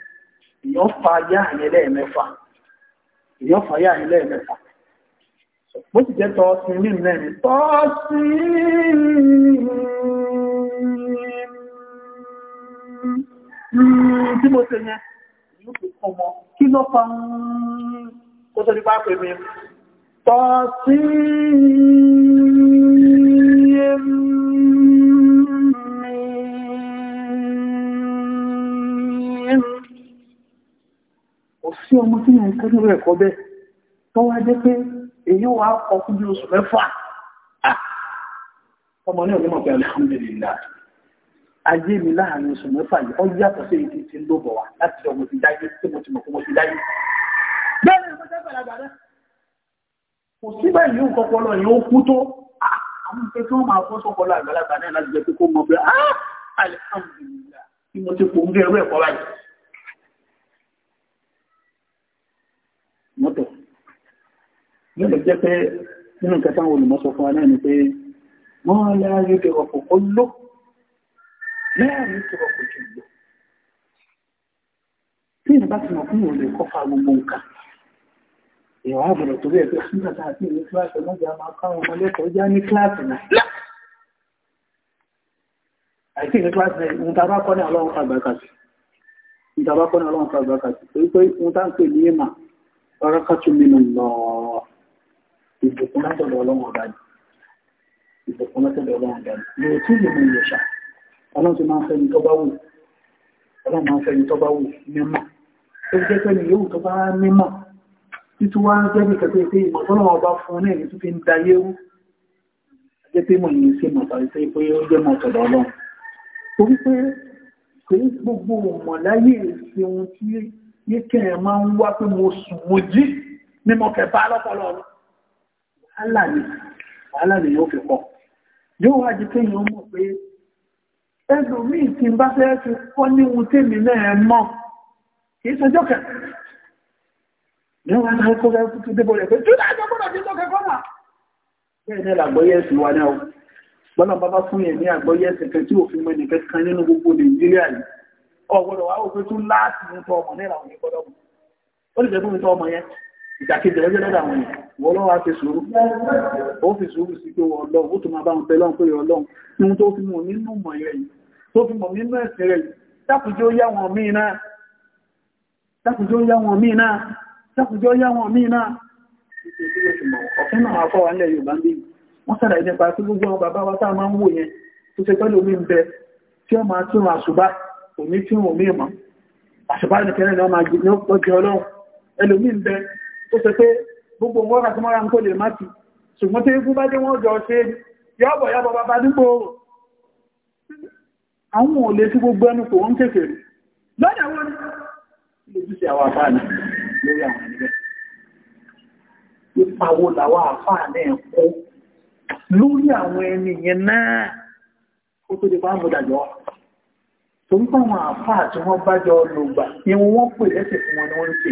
èèyàn yá yẹn lẹ́ẹ̀mẹ́fà bó ti jẹ́ tọ́ sí mẹ́rin tọ́ tí mo ṣe yẹn yóò fi kọ́ mọ́ kí ló fa ń kó tó ní bá pè mí tọ́ sí ọmọ tí yàn kẹ́rù rẹ̀ kọ́ bẹ́ tó wá jẹ́ pé èyí wà kọ́ fún bí oṣù mẹ́fà ah! ọmọ ní ọdún ọ̀pẹ́ alhamdulillah ayé mi láàrin oṣù mẹ́fà yìí ó yàtọ̀ sí èyí tí ń lò bọ̀ wá láti ọmọ ti dáyé tí mo ti mọ̀ fún mo ti dáyé bẹ́ẹ̀ ni mo jẹ́ gbàlagbà rẹ̀ kò sí bẹ́ẹ̀ yóò kọ́kọ́ lọ yóò kú tó ah! àwọn ìfẹ́ tí wọ́n máa fọ́ sọ́kọ́ lọ àgbàlagbà náà láti jẹ́ pé kó mọ̀ ah! lọ́lọ́ jẹ́ pé nínú kẹta olùmọ́sọ fún wa náà ni pé wọ́n láàárín ti rọ̀pọ̀ kó ló mẹ́rin ti rọ̀pọ̀ jù lọ tí ìbá ti mọ̀ fún òun lè kọ́fà gbogbo nǹkan ìwà àbọ̀rọ̀ torí ẹ̀ pé nígbàtà àti ìwé kíláàsì ọlọ́jà máa káwọn ọmọ lẹ́kọ̀ọ́ já ní kíláàsì náà àìsí ní kíláàsì náà ohun tá a bá kọ́ ní ọlọ́run fàgbà ìbùkún látọ̀dọ̀ ọlọ́run ọba ni ìbùkún látọ̀dọ̀ ọlọ́run ọba ni lè tún lè mú ìyẹ̀ṣà ọlọ́run ti máa ń fẹ́ni tó bá wù ọlọ́run máa ń fẹ́ni tó bá wù mímọ́ ó jẹ́ pẹ́ni yóò tó bá mímọ́ títú wá ń jẹ́ nìkan pé ìmọ̀ tọ́lọ́run ọba fún náà ní tó fi ń da yéwú jẹ́ pé mọ̀ ní sí mọ̀ tàbí pé ó jẹ́ mọ̀ tọ̀dọ̀ ọlọ́run torí pé pé gbogbo ọmọ láyé ìṣe ohun tí yékẹ́ máa ń wá wàhálà ni wàhálà ni yóò fi pọ̀ yóò wá di pé yóò mọ̀ pé ẹlòmíì tí n bá fẹ́ fi kọ́ níhun tèmi náà mọ̀ kìí sọjọ́ kẹ níwọ̀n náà kó fẹ́ tó débò rẹ̀ pé tó dájọ́ gbọ́dọ̀ tí tó kẹ́kọ́ mà bẹ́ẹ̀ ní àgbọ́yé ẹ̀sìn wa náà gbọ́dọ̀ bá bá fún yẹn ní àgbọ́yé ẹ̀sìn kan tí òfin mọ́ nìkan kan nínú gbogbo Nàìjíríà yìí ọ̀gbọ́dọ̀ wà ó pé tún láti mú tọ ọmọ náà làwọn ìgbọ́dọ̀ ó lè jẹ́ fún mi ọmọ yẹn ìdàkejì ọjọ́ lọ́dọ̀ àwọn èèyàn wọ́n lọ́wọ́ ti sùúrù ó fi sùúrù sí pé wọ́n lọ́wọ́ ó tún máa bá ń pẹ́lọ́n pé ọlọ́run nínú tó fi mọ̀ nínú mọ̀ rẹ̀ yìí tó fi mọ̀ nínú ẹ̀sìn rẹ̀ yìí dákùjọ́ yá wọn míì náà dákùjọ́ yá wọn míì náà dákùjọ́ yá wọn míì náà ọ̀kẹ́ náà wà fọ́wà nílẹ̀ Yorùbá ń bí wọ́n sára ẹni pa sí gbogbo àwọn bàbá wa táà máa ń wò yẹn tó ṣe pẹ́lú omi ń bẹ tí ó máa tún àṣùbá òní tí òun mí mọ̀ àṣùbá nìkẹ́rẹ́ ni wọ́n máa gbé ní ọlọ́run ẹlòmí ń bẹ ó sọ pé gbogbo mọ́ra tí mọ́ra ń kó lè máti ṣùgbọ́n tí ikú bá dé wọ́n jọ ṣe yọ́bọ̀ yọ́bọ̀ bàbá nígbò àwọn ò lè tí gbogbo ẹnu kò ń kéfèrè lọ́dà wọ́n ní ojúṣe àwọn àfáà ní lórí àwọn ẹgbẹ́ ìpàwò làwọn àfáà náà kó lórí àwọn ẹni yẹn náà ó tó di pa mú dàjọ́ torí pàwọn àfáà tí wọ́n bá jọ lògbà ni wọ́n pè lẹ́sẹ̀ fún wọn ni wọ́n ń ṣe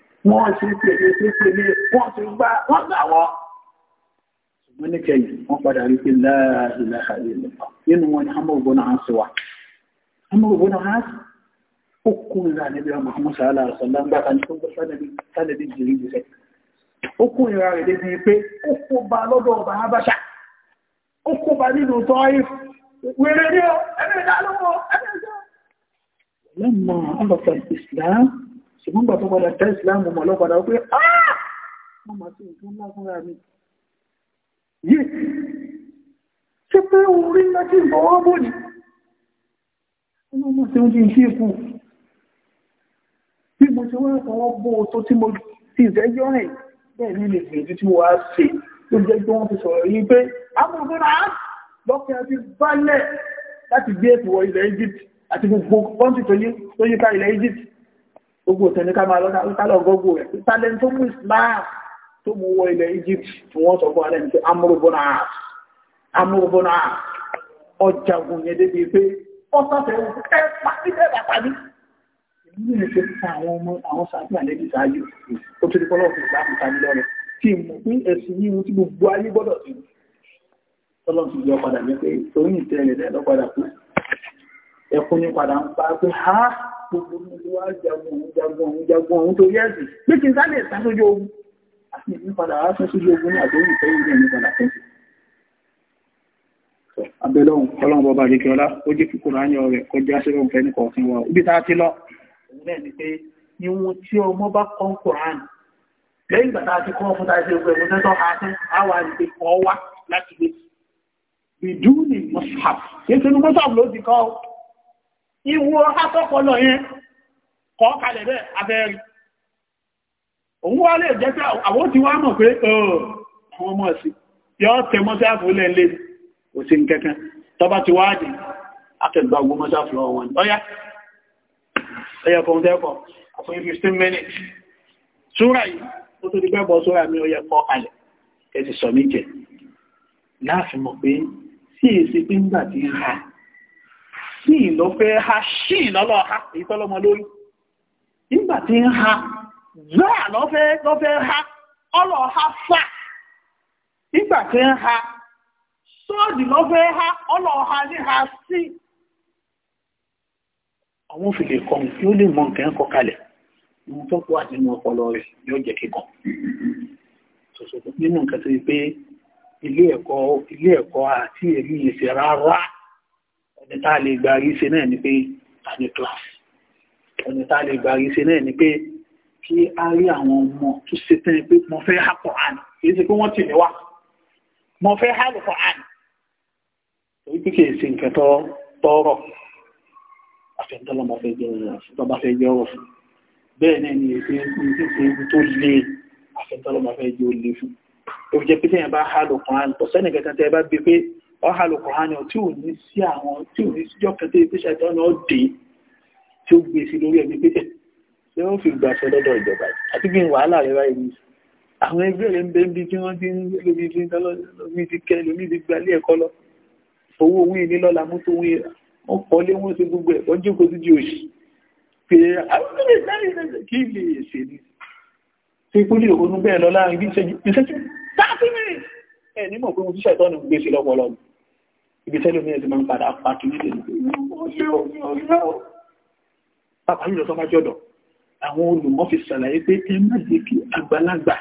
wọ́n ṣe tèlé ṣe tèlé wọ́n ti gbá wọ́n gbàwọ́. ṣùgbọ́n ní kẹyìn wọ́n padà rí pé láàrínlá àrílẹ̀ nínú wọn ni hamar bọ́nà á sí wa hamar bọ́nà á sí ó kúrìrà níbi ọmọ hamar sàálà àrùsọ̀lá ń gbàtà ní gbogbo sálẹ̀dì jìrì jìrì ó kúrìrà rẹ̀ débi ṣùgbọ́n gbà tó padà tẹ́ ìsìláàmù mọ̀ lọ́padà wípé wọ́n máa sí nǹkan ńlá fúnra mi yìí ṣe pé orí ńlá tí ìfọwọ́ bò ní wọ́n máa sí oúnjẹ ìṣe ikú bí mo ṣe wọ́n fọwọ́ bò tó tí mo ti ìzẹ́jọ́ rìn bẹ́ẹ̀ ní ìgbìyànjú tí mo wá ṣe ló jẹ́ pé wọ́n fi sọ̀rọ̀ yìí pé amúnfúnra lọ́kẹ́ àti balẹ̀ láti gbé ètò ilẹ̀ Egypt gbogbo tẹni ká máa lọ́nà gbogbo rẹ̀ tálẹ́n tó mú islam tó mú wọ ilẹ̀ Egypt tí wọ́n sọ fún alẹ́ni pé amúrúbọ́nà ọjàgùn yẹn débi pé ọ́sàfẹ́ ẹ pàdé bẹ́ẹ̀ pàdé ìlú ní ṣe fún àwọn ọmọ àwọn sáájú àlẹ́bí sáájú ó tó dípọ́ lọ́wọ́ fún islam tàbí lọ́rẹ̀ tí mọ̀ pé ẹ̀sìn yìí tí gbogbo ayé gbọ́dọ̀ sí ọlọ́run ti yọ ẹkún ní padà ń pa pé ha gbogbo ní olúwa jagun òun jagun òun jagun òun torí ẹ̀sìn pé kí n sáré ìta sójú ogun a sì ní padà wá fún sójú ogun ní àdéhùn ìfẹ́ ìrìn ní padà fún abẹ́lọ́hùn ọlọ́run bọba àjẹkẹ́ ọlá ó jẹ́ kíkó ráyàn rẹ̀ kọjá sẹ́rọ̀ ìfẹ́ ní kọ̀ọ̀kan wa ibi tá a ti lọ òun náà ni pé níwọ̀n tí ọmọ bá kọ́ ń kọ̀ọ̀rán lẹ́yìn ìgbà tá a ti kọ́ fún tá ṣe gbẹ̀mọ́ tẹ́tọ́ ha tán á wà kọ́ wá láti gbé bìdú ni mọ́sáàf kí n tẹnu mọ́sáàf ló ti kọ́ ìwò àtọ́pọ̀lọ̀ yẹn kọ́ kalẹ̀ bẹ́ abẹ́rí òun wá lè jẹ́ pé àwọn ti wá mọ̀ pé àwọn ọmọ sí yọ́ tẹ mọ́sáàfù lẹ́lẹ́ kò sí kẹ́kẹ́ tọba ti wá dì àtẹ̀gbà ogun mọ́sáàfù lọ wọn ọya ẹyẹ fún tẹ́kọ̀ fún 15 minutes súra yìí ó tó ti gbẹ́bọ̀ súra mi ó yẹ kọ́ kalẹ̀ ẹ ti sọ mí jẹ láàfin mọ̀ pé sí èsì pé gbà ti ń ha hassin ló fẹ́ hashin lọ́lọ́ha ìtọ́lọ́mọ lórí tí ń ha zaa ló fẹ́ ha ọlọ́ha fà nígbà tí ń ha sọ́ọ̀dì fẹ́ ha ní hassin àwọn òfìlè kan tí ó lè mọ ọpọlọ rẹ̀ yóò jẹ́ kíkọ́ nínú nǹkan tó pé ilé ẹ̀kọ́ àti rárá ọ̀nà tá a lè gbà rí ṣe náà ni pé a ní kíláàsì ọ̀nà tá a lè gbà rí ṣe náà ni pé kí a rí àwọn ọmọ tó ṣe tán pé mo fẹ́ há pọ̀ àn kìí ṣe pé wọ́n tì mí wá mo fẹ́ há lò pọ̀ àn torí pé kìí ṣe nǹkan tó tọrọ àfẹ́ntọ́lọ́mọ fẹ́ jẹ́ ọ̀rọ̀ fún tọ́ba fẹ́ jẹ́ ọ̀rọ̀ fún bẹ́ẹ̀ náà ni èdè ìṣe ibi tó le àfẹ́ntọ́lọ́mọ fẹ́ jẹ́ ó fún ó jẹ́ pé tẹ́yìn bá há lò pọ̀ ọ̀hálù kọ̀hánì tí ò ní sí àwọn tí ò ní síjọ́ kẹta ìpínṣẹ́ ìtọ́ náà dé tí ó gbé e sí lórí ẹ̀mí pípẹ́ tí ó fi gbà sọ lọ́dọ̀ ìjọba àti bí wàhálà rẹ̀ ráyé ní àwọn ẹgbẹ́ rẹ̀ ń bẹ́ ń bí tí wọ́n ti ń lómi ti ń tán lómi ti kẹ́ lómi ti gba ilé ẹ̀kọ́ lọ owó owó ìní lọ́la mú tó wúyẹ wọ́n kọ́ lé wọ́n ti gbogbo ẹ̀kọ́ jókòó sí di òṣì pé àwọn ah, kí lè ṣe ní tí ẹ̀ nímọ̀ pé mo ti ibi tẹ́lẹ̀ ní ẹ̀sìn máa ń padà pàtó ní pàpà yìí lọ́sọ́ májọ́ dọ̀ àwọn olùmọ̀ fi ṣàlàyé pé ẹ má jẹ́ kí àgbàlagbà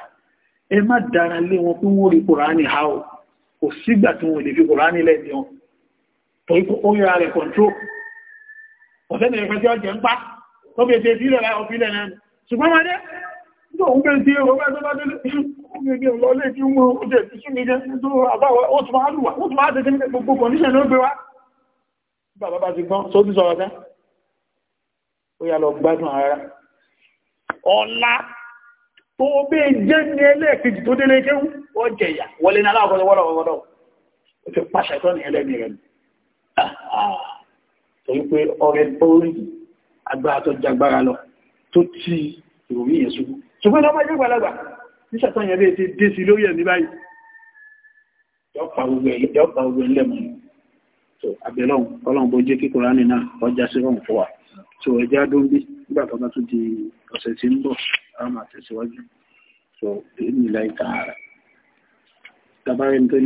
ẹ má dára lé wọn pé wọ́n rí kùránì ha o kò sígbà tí wọ́n lè fi kùránì lẹ́ẹ̀dì wọn torí pé ó yára rẹ̀ kọ̀ntró ọ̀sẹ́ni ẹ̀fẹ́ tí ó jẹ́ ń pa tó fi ṣe sílẹ̀ láì ọ̀fílẹ̀ náà ṣùgbọ́n máa dé nígbà òun bẹ́ẹ̀ sí ẹ̀rọ bá tó bá tó ní ọlọ́lé tí mú oúnjẹ ti sún mi jẹ́ tó àbáwọ̀ ó tún máa lùwà ó tún máa tẹ́tẹ́ gbogbo kọ̀níṣẹ̀ ló gbé wá bàbá bá ti gbọ́n sóbí sọ̀rọ̀ tẹ́ ó yà lọ gbádùn ara ọ̀la tó bẹ́ jẹ́ ní ẹlẹ́ẹ̀kejì tó délé kéwú ó jẹ̀yà wọlé ní aláwọ̀kọ́lọ́wọ́lọ́wọ́lọ́ ó ti pàṣẹ tó ní ẹlẹ́ni rẹ̀ ah, ah. torí pé ọrẹ bórí agbára tó jagbára lọ tó ti ìròyìn yẹn ṣubú ṣùgbọ́n lọ́mọ jẹ́ gbàlagbà níṣẹ̀tọ́ yẹn bẹ́ẹ̀ ti dé sí lórí ẹ̀ ní báyìí yọ́pa gbogbo ẹlẹ́mọ̀ so abẹ́lọ́hun ọlọ́run bó jẹ́ kí Kùránì náà ọjà sí rọrùn fún wa so ẹjẹ́ adóńbí nígbà tó bá tún di ọ̀sẹ̀ tí ń bọ̀ a máa tẹ̀síwájú so èyí ni láì tààrà tàbárẹ́ni tó